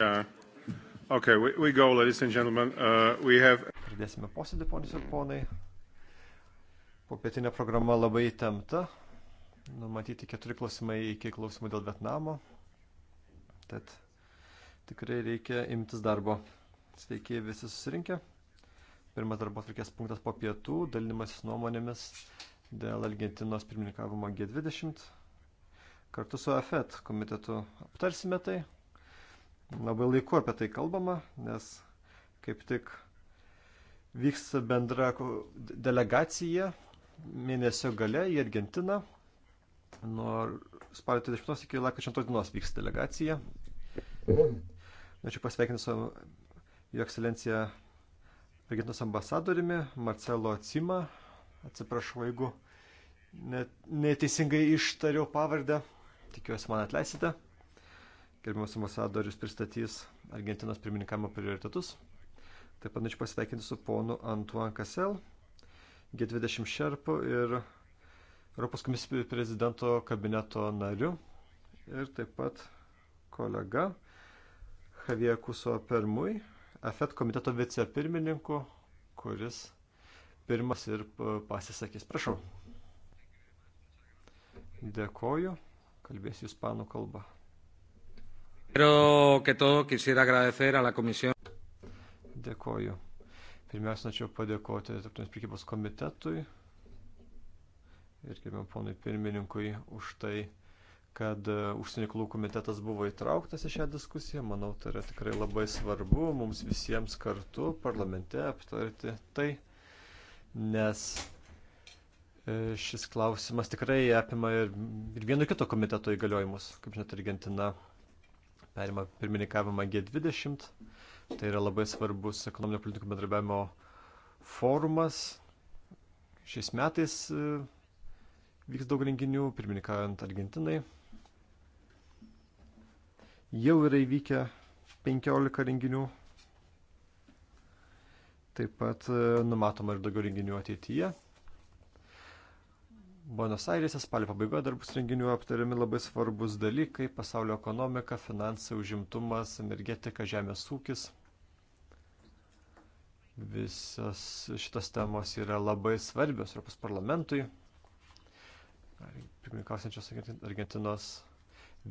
Yeah. Uh, okay, we, we go, ladies and gentlemen. Uh, we have... Pradėsime posėdį, ponius ir ponai. Popietinė programa labai įtempta. Numatyti keturi klausimai iki klausimų dėl Vietnamo. Tad tikrai reikia imtis darbo. Sveiki visi susirinkę. Pirmas darbo atvirkės punktas po pietų, dalinimasis nuomonėmis dėl Argentinos pirmininkavimo G20. Kartu su AFET komitetu aptarsime tai labai laiku apie tai kalbama, nes kaip tik vyks bendra delegacija mėnesio gale į Argentiną. Nuo spalio 30 iki lakrčio 2 dienos vyks delegacija. Norėčiau pasveikinti su Jo ekscelencija Argentinos ambasadoriumi Marcelo Cima. Atsiprašau, jeigu net, neteisingai ištariau pavardę. Tikiuosi, man atleisite. Gerbiamas ambasadorius pristatys Argentinos pirmininkamo prioritetus. Taip pat norėčiau pasveikinti su ponu Antoine Kassel, G20 šerpu ir Europos komisijos prezidento kabineto nariu. Ir taip pat kolega Javier Kuso Permui, AFET komiteto vicepirmininku, kuris pirmas ir pasisakys. Prašau. Dėkoju. Kalbėsiu ispanų kalbą. Dėkoju. Pirmiausia, norėčiau padėkoti Tarptautinės prekybos komitetui ir gerbiam ponui pirmininkui už tai, kad e, užsienio reikalų komitetas buvo įtrauktas į šią diskusiją. Manau, tai yra tikrai labai svarbu mums visiems kartu parlamente aptarti tai, nes e, šis klausimas tikrai apima ir, ir vieno kito komiteto įgaliojimus. Kaip žinote, Argentina perima pirmininkavimą G20. Tai yra labai svarbus ekonominio politikų bendrabiavimo forumas. Šiais metais e, vyks daug renginių, pirmininkaujant Argentinai. Jau yra įvykę 15 renginių. Taip pat e, numatoma ir daugiau renginių ateityje. Buenos Airėse spalio pabaigoje dar bus renginių aptariami labai svarbus dalykai - pasaulio ekonomika, finansai, užimtumas, energetika, žemės ūkis. Visas šitas temos yra labai svarbios Europos parlamentui. Pirmininkausiančios Argentinos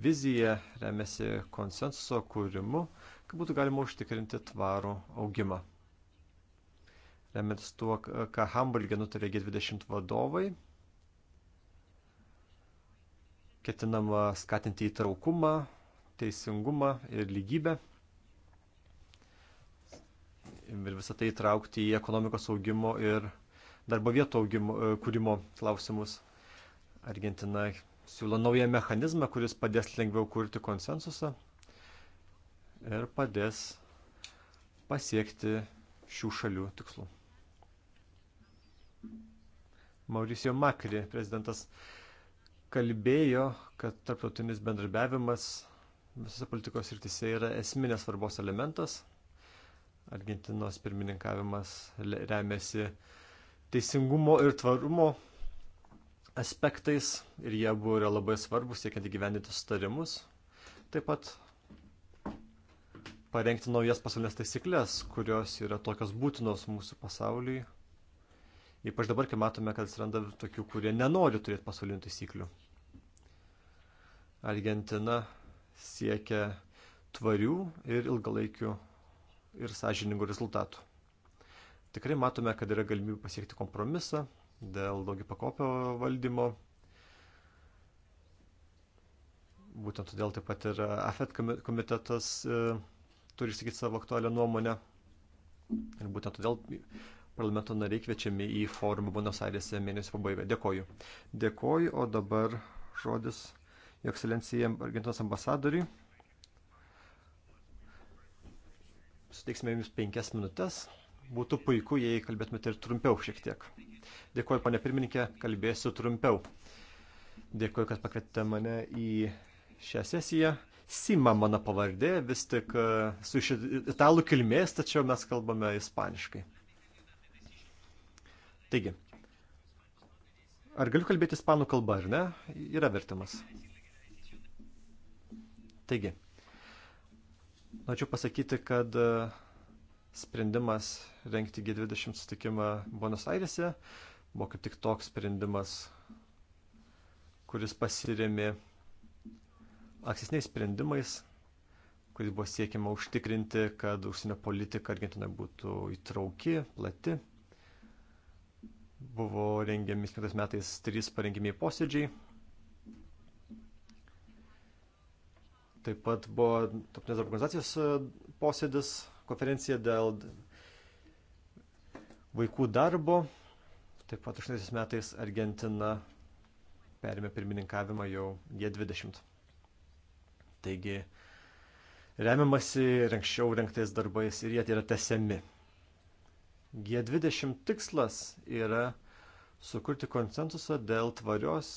vizija remiasi konsensuso kūrimu, kad būtų galima užtikrinti tvarų augimą. Remiantis tuo, ką Hamburgė nutarė G20 vadovai, ketinama skatinti įtraukumą, teisingumą ir lygybę. Ir visą tai įtraukti į ekonomikos augimo ir darbo vietų augimo, e, kūrimo klausimus. Argentina siūlo naują mechanizmą, kuris padės lengviau kurti konsensusą ir padės pasiekti šių šalių tikslų. Mauricio Makri, prezidentas kalbėjo, kad tarptautinis bendradarbiavimas visose politikos rytise yra esminės svarbos elementas. Argentinos pirmininkavimas remiasi teisingumo ir tvarumo aspektais ir jie buvo yra labai svarbus siekiant įgyvendinti sustarimus. Taip pat parengti naujas pasaulinės taisyklės, kurios yra tokios būtinos mūsų pasauliui Ypač dabar, kai matome, kad atsiranda tokių, kurie nenori turėti pasaulinių taisyklių. Argentina siekia tvarių ir ilgalaikių ir sąžiningų rezultatų. Tikrai matome, kad yra galimybė pasiekti kompromisą dėl daugi pakopio valdymo. Būtent todėl taip pat ir AFET komitetas e, turi išsakyti savo aktualią nuomonę. Ir būtent todėl parlamento nariai kviečiami į forumą Buenos Airėse mėnesio pabaigoje. Dėkoju. Dėkoju, o dabar žodis Jo ekscelencija Argentinos ambasadoriui. Suteiksime jums penkias minutės. Būtų puiku, jei kalbėtumėte ir trumpiau šiek tiek. Dėkoju, ponė pirmininkė, kalbėsiu trumpiau. Dėkoju, kad pakvietėte mane į šią sesiją. Sima mano pavardė, vis tik e, su iš italų kilmės, tačiau mes kalbame ispaniškai. Taigi, ar galiu kalbėti ispanų kalba, ar ne? Yra vertimas. Taigi, norėčiau pasakyti, kad e, sprendimas rengti G20 sutikimą Buenos Airese buvo kaip tik toks sprendimas, kuris pasirėmė aksesniais sprendimais, kuris buvo siekiama užtikrinti, kad užsienio politika Argentinoje būtų įtrauki, plati Buvo rengiami kitais metais trys parengimiai posėdžiai. Taip pat buvo Taptinės organizacijos e, posėdis, konferencija dėl vaikų darbo. Taip pat 80 metais Argentina perėmė pirmininkavimą jau G20. Taigi remiamasi ir anksčiau renktais darbais ir jie yra tesiami. G20 tikslas yra sukurti konsensusą dėl tvarios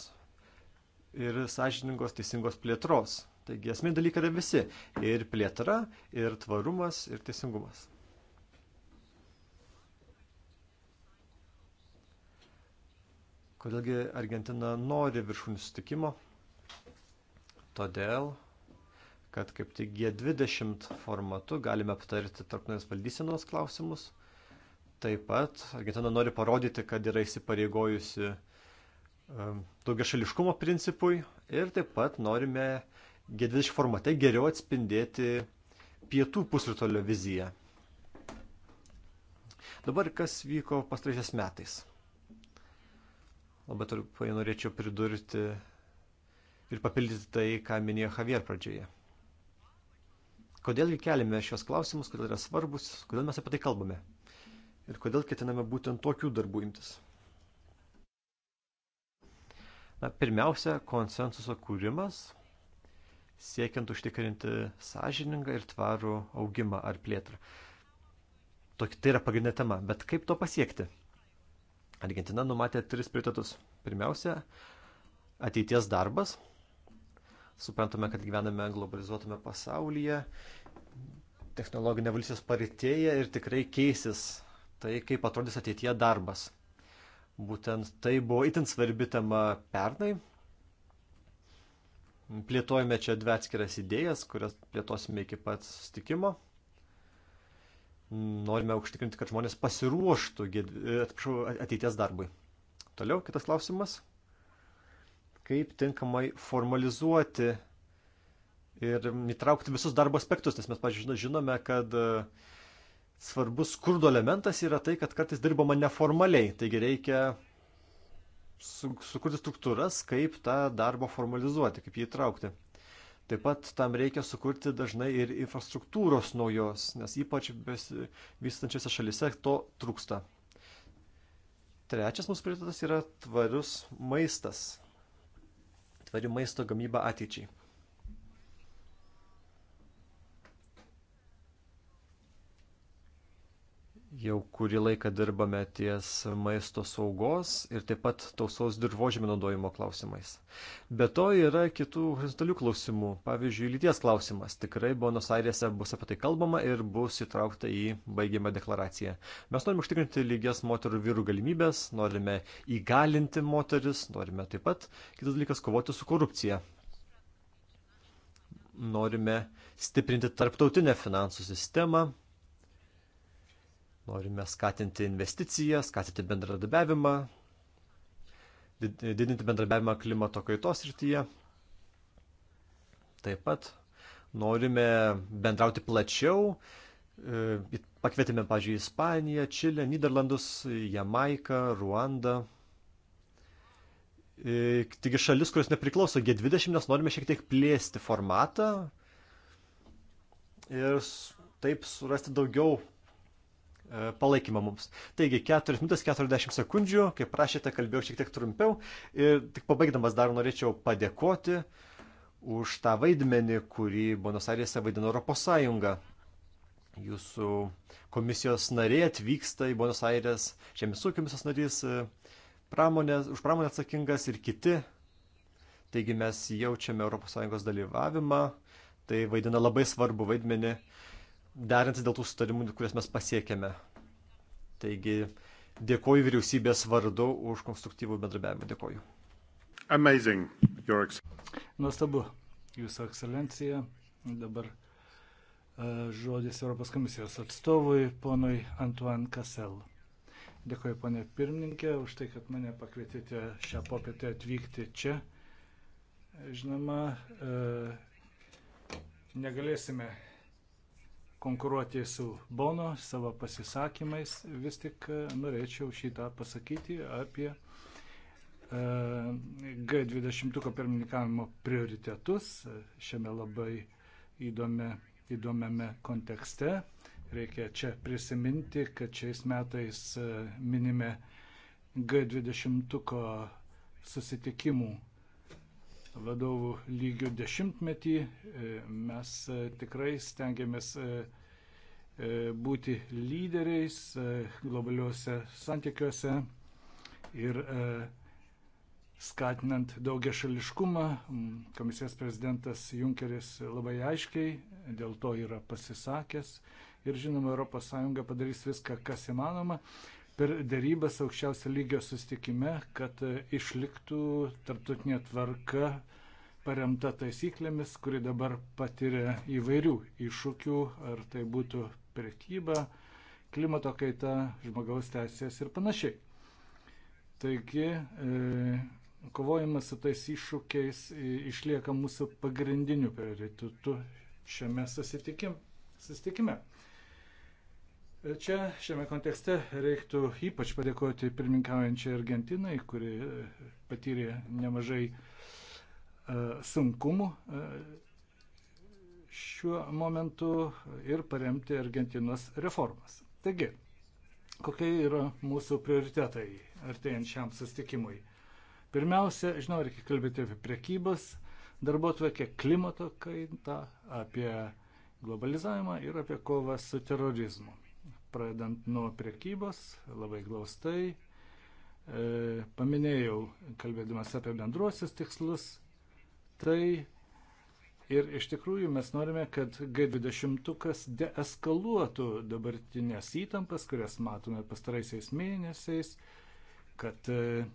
ir sąžiningos teisingos plėtros. Taigi esmė dalykai yra visi - ir plėtra, ir tvarumas, ir teisingumas. Kodėlgi Argentina nori viršūnių sutikimo? Todėl, kad kaip tik G20 formatu galime aptarti tarptautinės valdysenos klausimus – Taip pat Argentina nori parodyti, kad yra įsipareigojusi um, daugia šališkumo principui ir taip pat norime G20 formate geriau atspindėti pietų pusrutolio viziją. Dabar kas vyko pastraisiais metais. Labai trumpai norėčiau pridurti ir papildyti tai, ką minėjo Javier pradžioje. Kodėlgi keliame šios klausimus, kodėl yra svarbus, kodėl mes apie tai kalbame ir kodėl ketiname būtent tokių darbų imtis? Na, pirmiausia, konsensuso kūrimas, siekiant užtikrinti sąžiningą ir tvarų augimą ar plėtrą. Tokia tai yra pagrindinė tema, bet kaip to pasiekti? Argentina numatė tris prioritetus. Pirmiausia, ateities darbas. Suprantame, kad gyvename globalizuotame pasaulyje, technologinė valstybės paritėja ir tikrai keisis tai, kaip atrodys ateityje darbas. Būtent tai buvo itin svarbi tema pernai. Plėtojame čia dvi atskiras idėjas, kurias plėtosime iki pat sustikimo. Norime užtikrinti, kad žmonės pasiruoštų e, ateities darbui. Toliau kitas klausimas. Kaip tinkamai formalizuoti ir įtraukti visus darbo aspektus, nes mes, pažiūrėjau, žinome, kad uh, svarbus skurdo elementas yra tai, kad kartais dirbama neformaliai. Taigi reikia su, sukurti struktūras, kaip tą darbą formalizuoti, kaip jį įtraukti. Taip pat tam reikia sukurti dažnai ir infrastruktūros naujos, nes ypač vystančiose šalise to trūksta. Trečias mūsų prioritetas yra tvarus maistas. Tvari maisto gamyba ateičiai. Jau kurį laiką dirbame ties maisto saugos ir taip pat tausaus dirbožėmio naudojimo klausimais. Be to yra kitų horizontalių klausimų, pavyzdžiui, lyties klausimas. Tikrai Buenos Airėse bus apie tai kalbama ir bus įtraukta į baigiamą deklaraciją. Mes norime užtikrinti lygias moterų ir vyrų galimybės, norime įgalinti moteris, norime taip pat, kitas dalykas, kovoti su korupcija norime stiprinti tarptautinę finansų sistemą, Norime skatinti investicijas, skatinti bendradarbiavimą, didinti bendradarbiavimą klimato kaitos rytyje. Taip pat norime bendrauti plačiau. E, pakvietėme, pažiūrėjau, Ispaniją, Čilę, Niderlandus, Jamaiką, Ruandą. E, taigi šalis, kurios nepriklauso G20, nes norime šiek tiek plėsti formatą ir taip surasti daugiau palaikymą mums. Taigi 4 minutės 40 sekundžių, kaip prašėte, kalbėjau šiek tiek trumpiau ir tik pabaigdamas dar norėčiau padėkoti už tą vaidmenį, kurį Buenos Airėse vaidino Europos Sąjunga. Jūsų komisijos narė atvyksta į Buenos Aires, Žemės ūkio komisijos narys, pramonės, už pramonę atsakingas ir kiti. Taigi mes jaučiame ES dalyvavimą, tai vaidina labai svarbu vaidmenį derintis dėl tų sutarimų, kuriuos mes pasiekėme. Taigi dėkoju vyriausybės vardu už konstruktyvų bendrabiavimą. Dėkoju. Amazing. Your... Nuostabu, Jūsų ekscelencija. Dabar e, žodis Europos komisijos atstovui, ponui Antuan Kasel. Dėkoju, ponė pirmininkė, už tai, kad mane pakvietėte šią popietę atvykti čia. Žinoma, e, negalėsime konkuruoti su Bono savo pasisakymais, vis tik e, norėčiau šitą pasakyti apie e, G20 pirmininkavimo prioritetus e, šiame labai įdomi, įdomiame kontekste. Reikia čia prisiminti, kad šiais metais minime G20 susitikimų vadovų lygių dešimtmetį e, mes e, tikrai stengiamės e, būti lyderiais globaliuose santykiuose ir skatinant daugia šališkumą. Komisijos prezidentas Junkeris labai aiškiai dėl to yra pasisakęs ir žinoma, ES padarys viską, kas įmanoma, per dėrybas aukščiausio lygio sustikime, kad e, išliktų tarptautinė tvarka paremta taisyklėmis, kuri dabar patiria įvairių iššūkių, ar tai būtų prekyba, klimato kaita, žmogaus teisės ir panašiai. Taigi, e, kovojimas su tais iššūkiais e, išlieka mūsų pagrindiniu prioritetu šiame susitikim, susitikime. Čia šiame kontekste reiktų ypač padėkoti pirmininkaujančiai Argentinai, kuri e, patyrė nemažai e, sunkumų e, šiuo momentu ir paremti Argentinos reformas. Taigi, kokie yra mūsų prioritetai artėjant šiam sustikimui? Pirmiausia, žinau, reikia kalbėti apie prekybos, darbo tvarkę klimato kaitą, apie globalizavimą ir apie kovą su terorizmu pradedant nuo priekybos, labai glaustai. E, paminėjau, kalbėdamas apie bendruosius tikslus, tai ir iš tikrųjų mes norime, kad G20 deeskaluotų dabartinės įtampas, kurias matome pastaraisiais mėnesiais, kad e,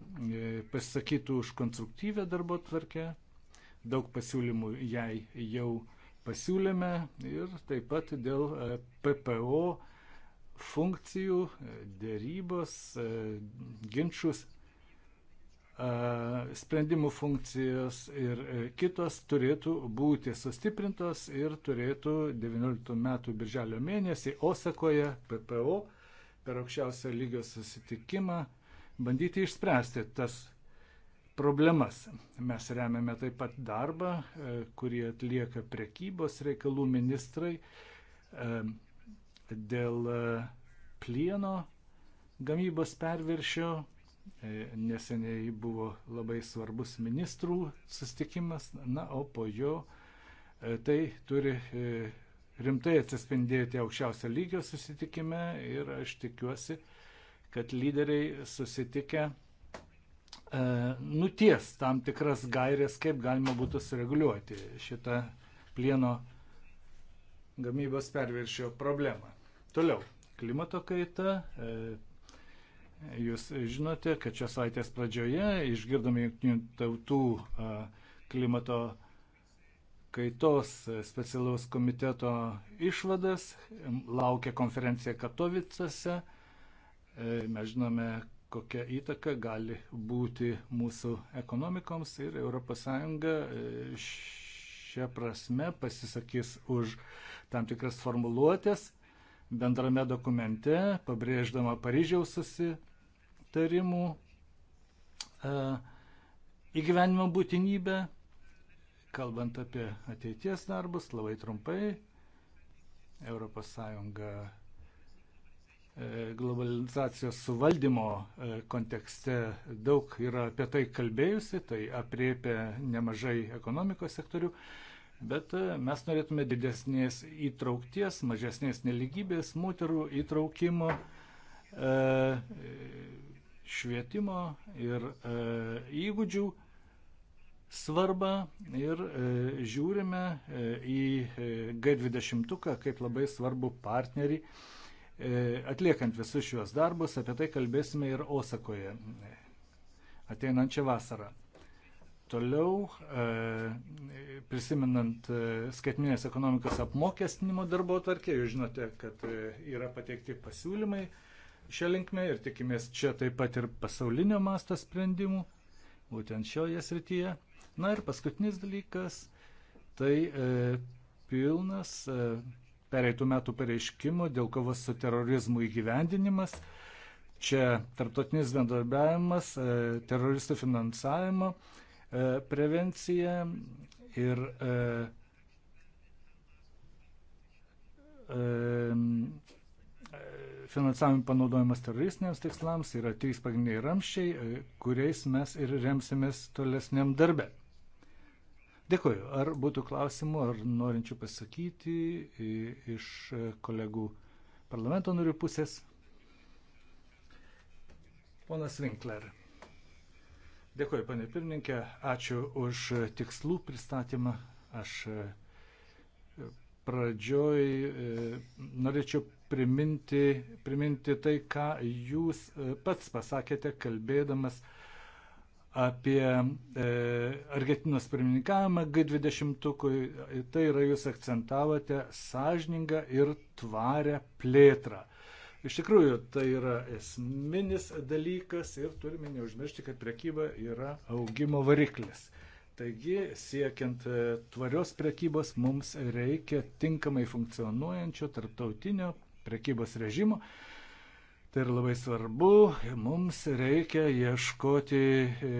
pasisakytų už konstruktyvę darbo tvarkę, daug pasiūlymų jai jau pasiūlėme ir taip pat dėl e, PPO funkcijų, e, dėrybos, e, ginčius, e, sprendimų funkcijos ir kitos turėtų būti sustiprintos ir turėtų 19 metų birželio mėnesį Osakoje PPO per aukščiausio lygio susitikimą bandyti išspręsti tas problemas. Mes remiame taip pat darbą, kurį atlieka prekybos reikalų ministrai dėl e, plieno gamybos perviršio. E, neseniai buvo labai svarbus ministrų sustikimas, na, o po jo e, tai turi rimtai atsispindėti aukščiausio lygio susitikime ir aš tikiuosi, kad lyderiai susitikę nuties tam tikras gairės, kaip galima būtų sureguliuoti šitą plieno gamybos perviršio problemą. Toliau, klimato kaita. E, jūs žinote, kad šios savaitės pradžioje išgirdome jungtinių tautų e, klimato kaitos e, specialaus komiteto išvadas. Laukia konferencija Katovicose. Mes žinome, kokia įtaka gali būti mūsų ekonomikoms ir ES šią prasme pasisakys už tam tikras formuluotės bendrame dokumente, pabrėždama Paryžiaus susitarimų e, įgyvenimo būtinybę, kalbant apie ateities darbus, labai trumpai, ES e, globalizacijos suvaldymo e, kontekste daug yra apie tai kalbėjusi, tai apriepia nemažai ekonomikos sektorių bet e, mes norėtume didesnės įtraukties, mažesnės neligybės, moterų įtraukimo, e, švietimo ir e, įgūdžių svarbą ir žiūrime į G20 kaip labai svarbu partnerį. Atliekant visus šiuos darbus, apie tai kalbėsime ir Osakoje ateinančią vasarą. Toliau, e, prisimenant e, skaitminės ekonomikos apmokestinimo darbo tvarkė, jūs žinote, kad e, yra pateikti pasiūlymai šią linkmę ir tikimės čia taip pat ir pasaulinio masto sprendimų, būtent šioje srityje. Na ir paskutinis dalykas, tai pilnas pereitų metų pareiškimo dėl kovos su terorizmu įgyvendinimas. Čia tarptautinis bendarbiavimas, teroristų finansavimo E, prevenciją ir e, e, finansavimo panaudojimas teroristiniams tikslams yra trys pagrindiniai ramščiai, kuriais mes ir remsimės tolesniam darbę. Dėkuoju. Ar būtų klausimų, ar norinčių pasakyti iš kolegų parlamento narių pusės? Ponas Winkler. Dėkuoju, panė pirmininkė, ačiū už tikslų pristatymą. Aš e, pradžioj e, norėčiau priminti, priminti tai, ką jūs e, pats pasakėte, kalbėdamas apie Argentinos pirmininkavimą G20. Tai yra jūs akcentavote sąžiningą ir tvarę plėtrą. Iš tikrųjų, tai yra esminis dalykas ir turime neužmiršti, kad prekyba yra augimo variklis. Taigi, siekiant e, tvarios prekybos, mums reikia tinkamai funkcionuojančio tarptautinio prekybos režimo. Tai yra labai svarbu, mums reikia ieškoti e,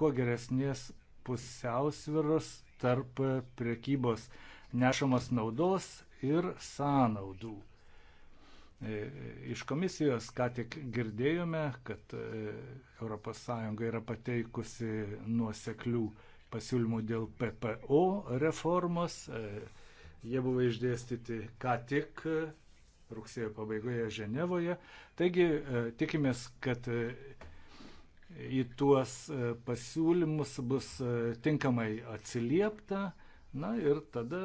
kuo geresnės pusiausviros tarp prekybos nešamos naudos ir sąnaudų. E, iš komisijos ką tik girdėjome, kad ES yra pateikusi nuoseklių pasiūlymų dėl PPO reformos. E, jie buvo išdėstyti ką tik e, rugsėjo pabaigoje Ženevoje. Taigi tikimės, kad į tuos pasiūlymus bus tinkamai atsiliepta. Na ir tada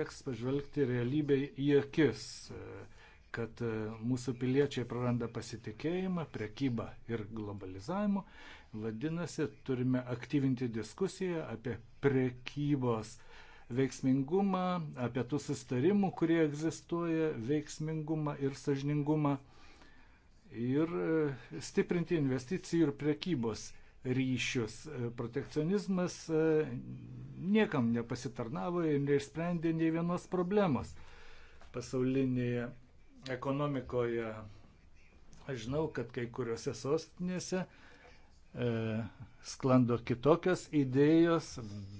teks pažvelgti realybei į akis. E, kad e, mūsų piliečiai praranda pasitikėjimą, prekybą ir globalizavimu. Vadinasi, turime aktyvinti diskusiją apie prekybos veiksmingumą, apie tų sustarimų, kurie egzistuoja, veiksmingumą ir sažiningumą ir e, stiprinti investicijų ir prekybos ryšius. E, protekcionizmas niekam nepasitarnavo ir neišsprendė nei vienos problemos pasaulinėje ekonomikoje. Aš žinau, kad kai kuriuose sostinėse e, sklando kitokios idėjos,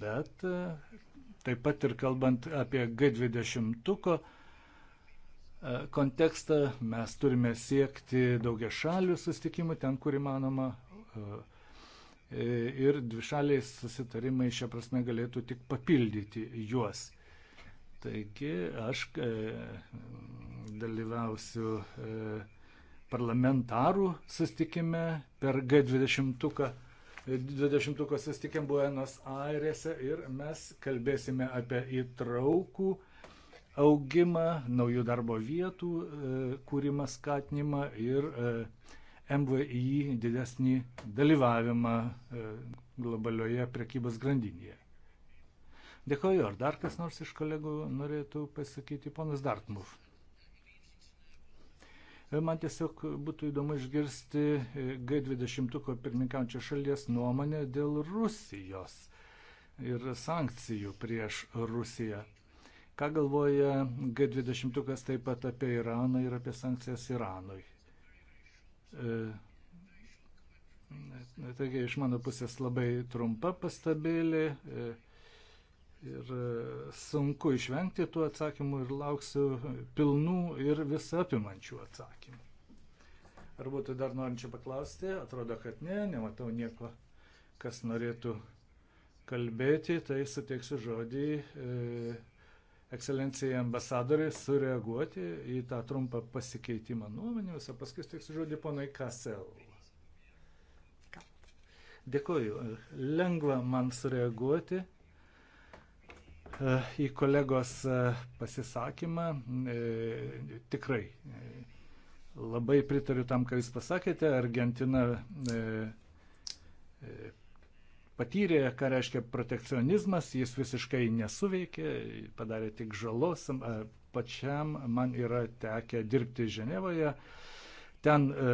bet e, taip pat ir kalbant apie G20 e, kontekstą, mes turime siekti daugia šalių sustikimų ten, kur įmanoma. E, e ir dvišaliai susitarimai šią prasme galėtų tik papildyti juos. Taigi aš e, dalyvausiu e, parlamentarų sustikime per G20. 20 susitikėm Buenos Airėse ir mes kalbėsime apie įtraukų augimą, naujų darbo vietų e, kūrimą, skatinimą ir MVI didesnį dalyvavimą globalioje prekybos grandinėje. Dėkoju, ar dar kas nors iš kolegų norėtų pasakyti, ponas Dartmuf. Man tiesiog būtų įdomu išgirsti G20 pirmininkaujančią šalies nuomonę dėl Rusijos ir sankcijų prieš Rusiją. Ką galvoja G20 taip pat apie Iraną ir apie sankcijas Iranui? E, taigi iš mano pusės labai trumpa pastabėlė. E, Ir e, sunku išvengti tų atsakymų ir lauksiu pilnų ir visapimančių atsakymų. Ar būtų dar norinčių paklausti? Atrodo, kad ne, nematau nieko, kas norėtų kalbėti, tai suteiksiu žodį e, ekscelencijai ambasadoriai sureaguoti į tą trumpą pasikeitimą nuomonėmis, o paskui suteiksiu žodį ponai Kasel. Dėkoju, lengva man sureaguoti. E, į kolegos e, pasisakymą. E, tikrai labai pritariu tam, ką Jūs pasakėte. Argentina patyrė, ką reiškia protekcionizmas, jis visiškai nesuveikė, padarė tik žalos. Pačiam man yra tekę dirbti Ženevoje. Ten e,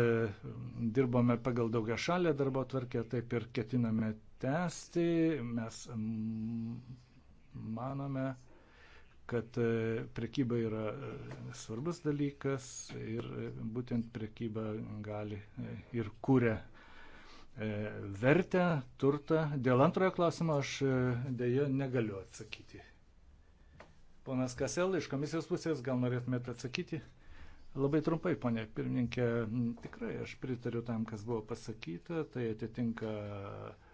dirbome pagal daugia šalę darbo tvarkę, taip ir ketiname tęsti. Mes mm, manome, kad e, prekyba yra e, svarbus dalykas ir e, būtent prekyba gali ir kūrė vertę, turtą. Dėl antrojo klausimo aš dėja negaliu atsakyti. Ponas Kasel, iš komisijos pusės gal norėtumėte atsakyti? Labai trumpai, ponė pirmininkė, tikrai aš pritariu tam, kas buvo pasakyta, tai atitinka uh,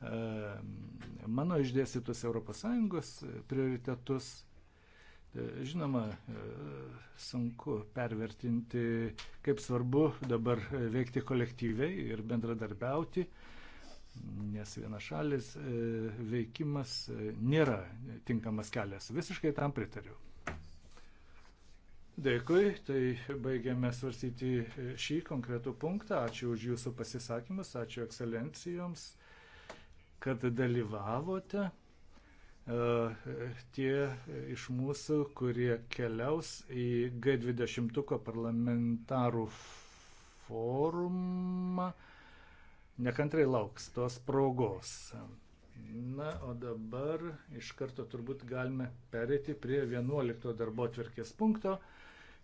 mano išdėstytus ES e, prioritetus. E, žinoma, e, sunku pervertinti, kaip svarbu dabar veikti kolektyviai ir bendradarbiauti, nes vienašalis veikimas nėra tinkamas kelias. Visiškai tam pritariu. Dėkui, tai baigiame svarstyti šį konkretų punktą. Ačiū už Jūsų pasisakymus, ačiū ekscelencijoms kad dalyvavote. E, tie iš mūsų, kurie keliaus į G20 parlamentarų forumą, nekantrai lauks tos progos. Na, o dabar iš karto turbūt galime pereiti prie 11 darbo atverkės punkto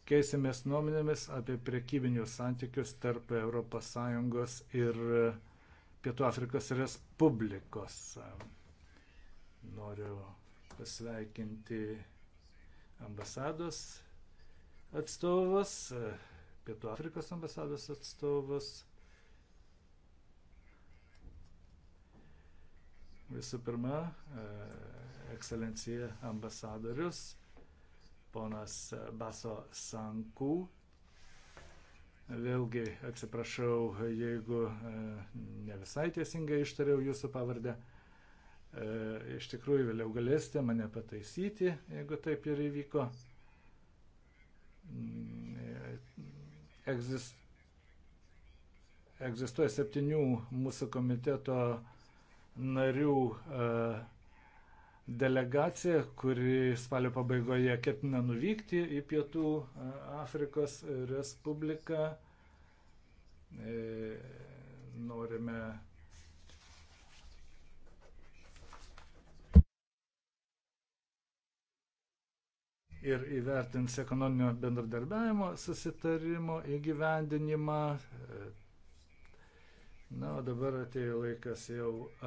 keisimės nuomonėmis apie prekybinius santykius tarp ES ir Pietų Afrikos Respublikos. Noriu pasveikinti ambasados atstovas, Pietų Afrikos ambasados atstovas. Visų pirma, ekscelencija ambasadorius, ponas Baso Sanku, Vėlgi atsiprašau, jeigu e, ne visai tiesingai ištariau jūsų pavardę. E, iš tikrųjų, vėliau galėsite mane pataisyti, jeigu taip ir įvyko. Mm, e, Egzist... Egzistuoja septynių mūsų komiteto narių uh, delegacija, kuri spalio pabaigoje ketina nuvykti į Pietų e, Afrikos Respubliką. E, norime ir įvertins ekonominio bendradarbiavimo susitarimo įgyvendinimą. E, na, o dabar atėjo laikas jau